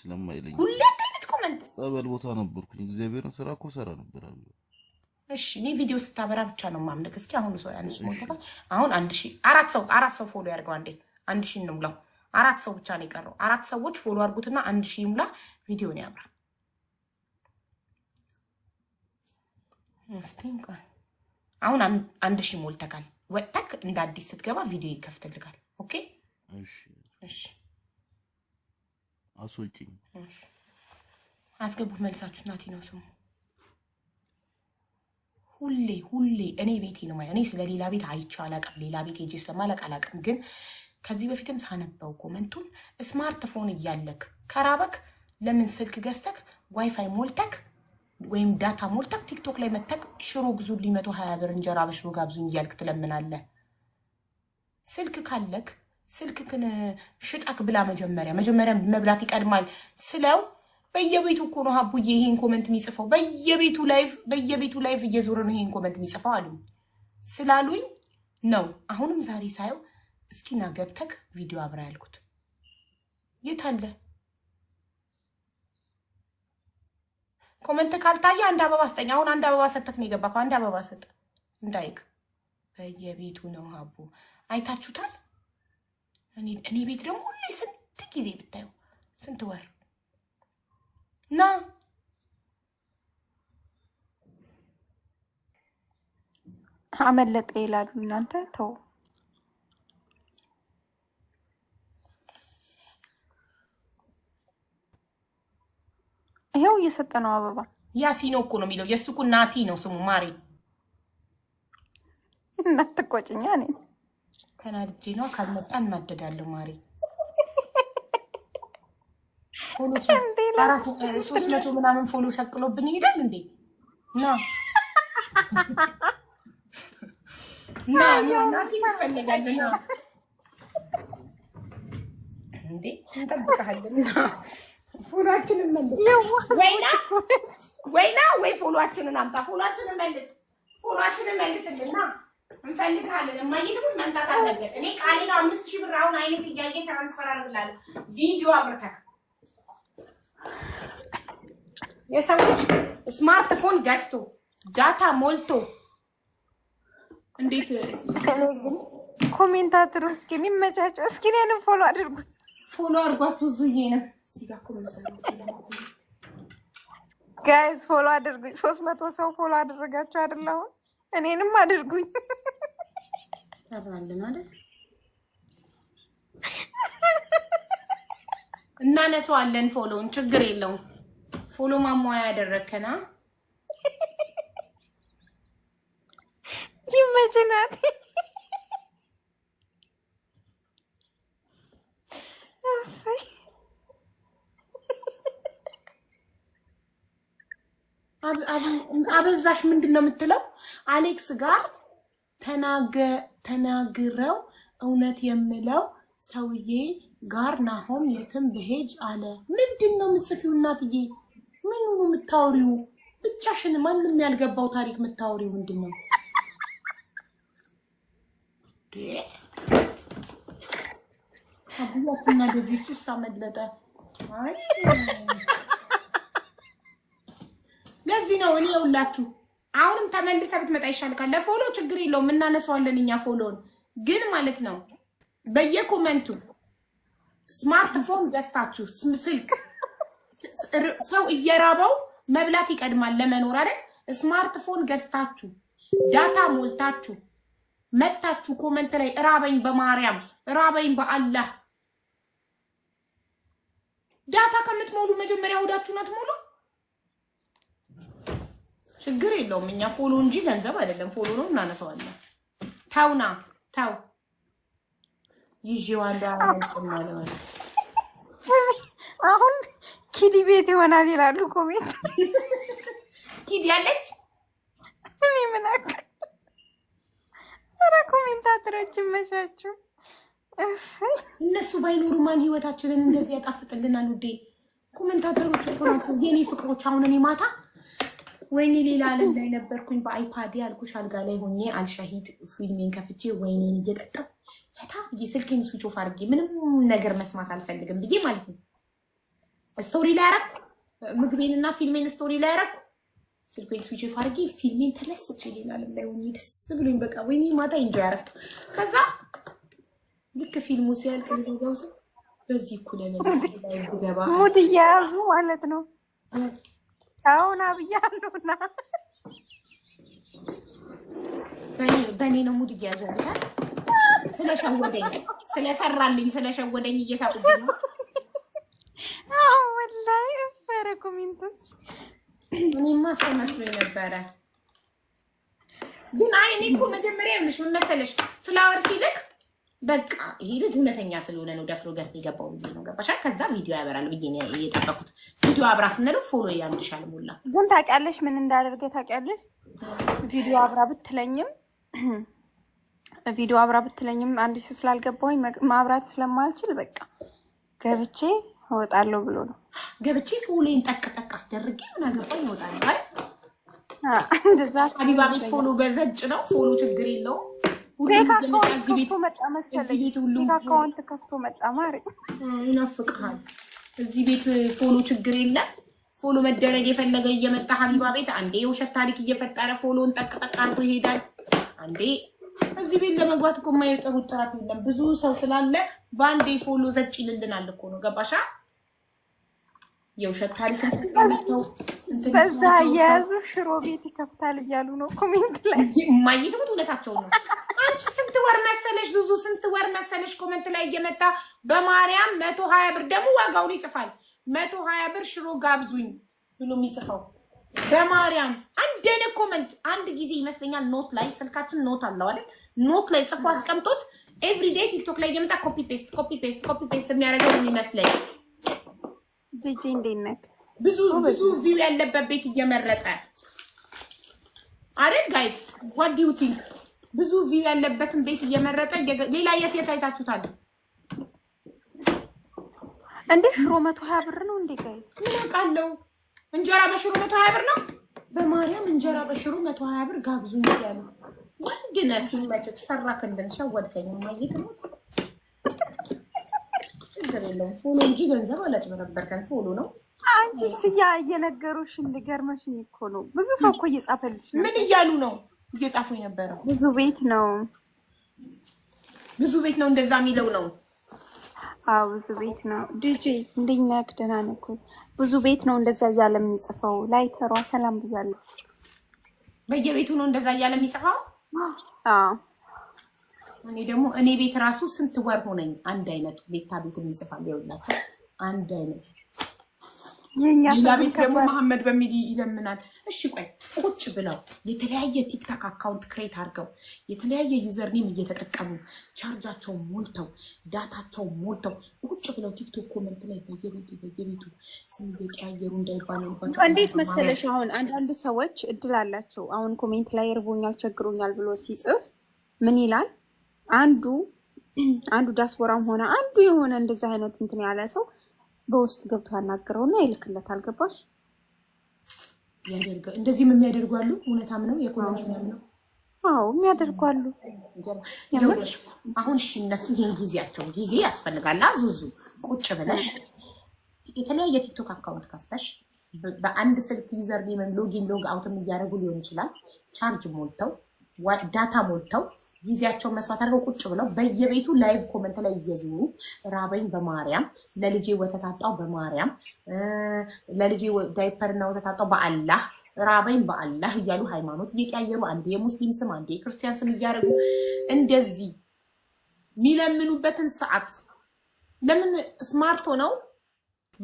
ስለማይለኝ ሁሌ አይነት ኮመንት ጸበል ቦታ ነበርኩኝ። እግዚአብሔርን ስራ እኮ ሰራ ነበር። እሺ እኔ ቪዲዮ ስታበራ ብቻ ነው ማምለክ። እስኪ አሁን ሰው አንድ ሰው አሁን አንድ ሺ አራት ሰው አራት ሰው ፎሎ ያደርገው አንዴ አንድ ሺ እንሙላው። አራት ሰው ብቻ ነው የቀረው። አራት ሰዎች ፎሎ አድርጉትና አንድ ሺ ይሙላ። ቪዲዮ ነው ያብራ አሁን አንድ ሺ ሞልተካል። ወጥተክ እንደ አዲስ ስትገባ ቪዲዮ ይከፍትልካል። ኦኬ እሺ እሺ አስወጪኝ። አስገቡት መልሳችሁ። እናቴ ነው ስሙ። ሁሌ ሁሌ እኔ ቤቴ ነው እኔ ስለ ሌላ ቤት አይቼ አላቅም። ሌላ ቤት ሄጄ ስለማላቅ አላቅም። ግን ከዚህ በፊትም ሳነበው ኮመንቱን ስማርትፎን እያለክ ከራበክ ለምን ስልክ ገዝተክ ዋይፋይ ሞልተክ ወይም ዳታ ሞልተክ ቲክቶክ ላይ መተክ ሽሮ ግዙልኝ ሊመቶ ሀያ ብር እንጀራ በሽሮ ጋብዙኝ እያልክ ትለምናለህ። ስልክ ካለክ ስልክክን ሽጣክ ብላ መጀመሪያ መጀመሪያ መብላት ይቀድማል ስለው በየቤቱ እኮ ነው ሀቡዬ ይሄን ኮመንት የሚጽፈው በየቤቱ ላይፍ በየቤቱ ላይፍ እየዞረ ነው ይሄን ኮመንት የሚጽፈው አሉ ስላሉኝ ነው። አሁንም ዛሬ ሳየው እስኪና ገብተክ ቪዲዮ አብራ ያልኩት የት አለ? ኮመንት ካልታየ አንድ አበባ ስጠኝ። አሁን አንድ አበባ ሰጠክ ነው የገባ አንድ አበባ ሰጠ እንዳይክ በየቤቱ ነው ሀቡ አይታችሁታል። እኔ ቤት ደግሞ ሁሌ ስንት ጊዜ ብታዩ ስንት ወር ና አመለጠ ይላሉ። እናንተ ተው ይኸው እየሰጠ ነው አበባ። ያሲኖ እኮ ነው የሚለው የእሱ እኮ ናቲ ነው ስሙ። ማሬ እናትቆጭኛ ኔ ተናድጄ ነው። ካልመጣ እናደዳለሁ። ማሪ ሶስት መቶ ምናምን ፎሎ ሸቅሎብን ይሄዳል እንዴ? ና ና ና እንዴ መልስ ወይና ወይ አምጣ። መልስ፣ መልስልና እንፈልግሃለን። የማየትሙት መምጣት አለበት። እኔ ቃሌ ነው። አምስት ሺህ ብር አሁን አይነት እያየ ትራንስፈር አድርግላለሁ። ቪዲዮ አብርተክ የሰዎች ስማርትፎን ገዝቶ ዳታ ሞልቶ እንዴት ኮሜንታተሮች እስኪ የሚመቻቸው እስኪ እኔንም ፎሎ አድርጉ፣ ፎሎ አድርጓት። ዙዬ ነው ጋይዝ ፎሎ ሶስት መቶ ሰው ፎሎ አደረጋቸው አይደል አሁን እኔንም አድርጉኝ እናነሰዋለን እናነሳዋለን። ፎሎውን ችግር የለውም። ፎሎ ማሟያ ያደረግከና ይመችናት። አበዛሽ ምንድን ነው የምትለው? አሌክስ ጋር ተናግረው እውነት የምለው ሰውዬ ጋር ናሆም የትም ብሄጅ አለ። ምንድን ነው የምጽፊው? እናትዬ ምኑ ነው የምታወሪው? ብቻሽን ማንም ያልገባው ታሪክ የምታወሪው ምንድን ነው? አቡያትና ዶጊሱስ አመለጠ። ለዚህ ነው እኔ የውላችሁ አሁንም ተመልሰ ብትመጣ ይሻልካል። ለፎሎ ችግር የለውም እናነሳዋለን እኛ ፎሎውን ግን ማለት ነው በየኮመንቱ ስማርትፎን ገዝታችሁ ስልክ ሰው እየራበው መብላት ይቀድማል ለመኖር አይደል? ስማርትፎን ገዝታችሁ ዳታ ሞልታችሁ መታችሁ ኮመንት ላይ እራበኝ በማርያም እራበኝ በአላህ ዳታ ከምትሞሉ መጀመሪያ ሆዳችሁን አትሞሉ። ችግር የለውም። እኛ ፎሎ እንጂ ገንዘብ አይደለም። ፎሎ ነው እናነሳዋለን። ታውና ታው ይዤዋለሁ አለዋለ አሁን ኪዲ ቤት ይሆናል ይላሉ ኮሜንት። ኪዲ አለች። እኔ ምን አውቃለሁ? ኧረ ኮሜንታተሮችን መቻችሁ። እነሱ ባይኖሩ ማን ህይወታችንን እንደዚህ ያጣፍጥልናል? ውዴ ኮሜንታተሮች ናቸው የኔ ፍቅሮች። አሁን እኔ ማታ ወይኔ ሌላ አለም ላይ ነበርኩኝ በአይፓድ አልኩሽ። አልጋ ላይ ሆኜ አልሻሂድ ፊልሜን ከፍቼ ወይኔን እየጠጣሁ ፈታ ብዬ ስልኬን ስዊች ኦፍ አድርጌ ምንም ነገር መስማት አልፈልግም ብዬ ማለት ነው። ስቶሪ ላይ አረኩ፣ ምግቤንና ፊልሜን ስቶሪ ላይ አረኩ። ስልኬን ስዊች ኦፍ አድርጌ ፊልሜን ተለስቼ ሌላ ዓለም ላይ ሆኜ ደስ ብሎኝ በቃ ወይኔ ማታ እንጆ ያረኩ። ከዛ ልክ ፊልሙ ሲያልቅ ልዘጋው ስል በዚህ እኩል ላይ ገባ ሙድ እየያዙ ማለት ነው አሁን አብያለሁና በእኔ ነው ሙድ እያያዘው ብሏል። ስለሸወደኝ ስለሰራልኝ ስለሸወደኝ እየሳቁብኝ ነው። አዎ ወላሂ ነበረ ኮሜንቶች። እኔማ ሰው መስሎኝ ነበረ። ግን አይ እኔ እኮ መጀመሪያ ምን መሰለሽ ፍላወር ሲልክ በቃ ይሄ ልጅ እውነተኛ ስለሆነ ነው ደፍሮ ገዝት የገባው ብዬ ነው ገባሻ። ከዛ ቪዲዮ ያበራል ብዬ ነው እየጠበኩት ቪዲዮ አብራ ስንለው ፎሎ ያንድሻል ሞላ። ግን ታውቂያለሽ ምን እንዳደርገ ታውቂያለሽ? ቪዲዮ አብራ ብትለኝም ቪዲዮ አብራ ብትለኝም አንድ ሺ ስላልገባሁኝ ማብራት ስለማልችል በቃ ገብቼ እወጣለሁ ብሎ ነው ገብቼ ፎሎን ጠቅ ጠቅ አስደርጌ ምን አገባኝ እወጣለሁ። አይደል እንደዛ ሀቢባ ቤት ፎሎ በዘጭ ነው ፎሎ ችግር የለውም አካውንት ከፍቶ መጣ ማሪ ይናፍቅሃል። እዚህ ቤት ፎሎ ችግር የለም። ፎሎ መደረግ የፈለገ እየመጣ ሀቢባ ቤት አንዴ የውሸት ታሪክ እየፈጠረ ፎሎን ጠቅጠቅ አድርጎ ይሄዳል። አንዴ እዚህ ቤት ለመግባት እኮ የማይጠሩት ጥራት የለም። ብዙ ሰው ስላለ በአንዴ ፎሎ ዘጭ ይልልናል እኮ ነው ገባሻ? የውሸት ታሪክ አፍጥራለሁ። በዛ አያያዙ ሽሮ ቤት ይከፍታል እያሉ ነው ኮሜንት ላይ ማየት ነው። እውነታቸው ነው። አንቺ ስንት ወር መሰለሽ ዙዙ፣ ስንት ወር መሰለሽ ኮመንት ላይ እየመጣ በማርያም መቶ ሀያ ብር ደግሞ ዋጋውን ይጽፋል። መቶ ሀያ ብር ሽሮ ጋብዙኝ ብሎ የሚጽፈው በማርያም አንድ አይነት ኮመንት። አንድ ጊዜ ይመስለኛል ኖት ላይ ስልካችን ኖት አለው አይደል? ኖት ላይ ጽፎ አስቀምጦት ኤቭሪዴይ ቲክቶክ ላይ እየመጣ ኮፒ ፔስት፣ ኮፒ ፔስት፣ ኮፒ ፔስት የሚያደርገው የሚመስለኝ ልጄ እንዴት ነህ? ብዙ ብዙ ቪው ያለበት ቤት እየመረጠ አይደል? ጋይስ ዋት ዱ ዩ ቲንክ? ብዙ ቪው ያለበትን ቤት እየመረጠ ሌላ የት የት አይታችሁታል እንዴ? ሽሮ መቶ ሀያ ብር ነው እንዴ ጋይስ? ምን አውቃለሁ። እንጀራ በሽሮ መቶ ሀያ ብር ነው። በማርያም እንጀራ በሽሮ መቶ ሀያ ብር ወንድ ነህ። ይመችህ። ሰራክ ማየት ነው ችግር የለውም። ፎሎ እንጂ ገንዘብ አላጭበረበርከን። ፎሎ ነው። አንቺ ስያ እየነገሩሽ እንድገርመሽ እኮ ነው። ብዙ ሰው እኮ እየጻፈልሽ ነው። ምን እያሉ ነው? እየጻፉ የነበረው ብዙ ቤት ነው፣ ብዙ ቤት ነው እንደዛ የሚለው ነው። አዎ ብዙ ቤት ነው። ዲጄ እንደኛ ደህና ነው ብዙ ቤት ነው እንደዛ እያለ የሚጽፈው። ላይተሯ ሰላም ብያለሁ። በየቤቱ ነው እንደዛ እያለ የሚጽፈው። አዎ እኔ ደግሞ እኔ ቤት ራሱ ስንት ወር ሆነኝ አንድ አይነት ቤታ ቤት የሚጽፋል ይኸውላቸው፣ አንድ አይነት ሌላ ቤት ደግሞ መሐመድ በሚል ይለምናል። እሺ ቆይ ቁጭ ብለው የተለያየ ቲክታክ አካውንት ክሬት አድርገው የተለያየ ዩዘርኔም እየተጠቀሙ ቻርጃቸው ሞልተው ዳታቸው ሞልተው ቁጭ ብለው ቲክቶክ ኮመንት ላይ በየቤቱ በየቤቱ ስም እየቀያየሩ እንዳይባል እንዴት መሰለሽ። አሁን አንዳንድ ሰዎች እድል አላቸው። አሁን ኮሜንት ላይ እርቦኛል ቸግሮኛል ብሎ ሲጽፍ ምን ይላል? አንዱ አንዱ ዲያስፖራም ሆነ አንዱ የሆነ እንደዚህ አይነት እንትን ያለ ሰው በውስጥ ገብቶ ያናገረውና ና ገባሽ? ያደርገው እንደዚህም የሚያደርጉ አሉ። እውነታም ነው፣ የኮመንትም ነው። አዎ የሚያደርጉ አሉ። አሁን እሺ፣ እነሱ ይህን ጊዜያቸው ጊዜ ያስፈልጋል። ዙዙ ቁጭ ብለሽ የተለያየ ቲክቶክ አካውንት ከፍተሽ በአንድ ስልክ ዩዘር ሎጊን ሎግ አውትም እያደረጉ ሊሆን ይችላል ቻርጅ ሞልተው ዳታ ሞልተው ጊዜያቸውን መስዋዕት አድርገው ቁጭ ብለው በየቤቱ ላይቭ ኮመንት ላይ እየዞሩ ራበኝ በማርያም ለልጄ ወተታጣው በማርያም ለልጄ ዳይፐርና ወተታጣው በአላህ ራበኝ በአላህ እያሉ ሃይማኖት እየቀያየሩ አንዴ የሙስሊም ስም አንዴ የክርስቲያን ስም እያደረጉ እንደዚህ የሚለምኑበትን ሰዓት ለምን ስማርት ሆነው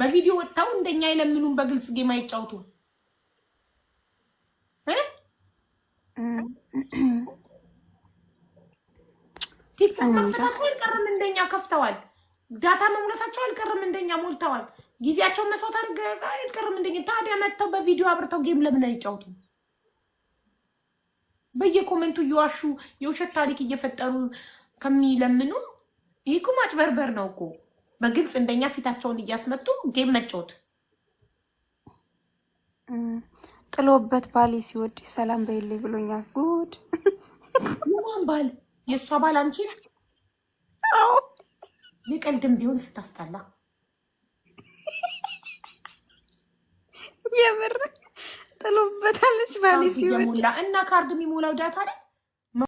በቪዲዮ ወጥተው እንደኛ የለምኑን በግልጽ ጌማ ይጫውቱ። ቲክቶክ መክፈታቸው አልቀርም እንደኛ ከፍተዋል። ዳታ መሙላታቸው አልቀርም እንደኛ ሞልተዋል። ጊዜያቸውን መስዋዕት አድርገው አልቀርም እንደኛ። ታዲያ መጥተው በቪዲዮ አብርተው ጌም ለምን አይጫወቱ? በየኮመንቱ እየዋሹ የውሸት ታሪክ እየፈጠሩ ከሚለምኑ ይህ እኮ ማጭበርበር ነው እኮ። በግልጽ እንደኛ ፊታቸውን እያስመጡ ጌም መጫወት ጥሎበት ባሌ ሲወድ ሰላም በይልኝ ብሎኛል። ጉድ የማን ባል? የእሷ ባል አንቺ የቀልድም ቢሆን ስታስጠላ የምር ጥሎበታለች። ባሌ ሲወድ እና ካርድ የሚሞላው ዳታ ላይ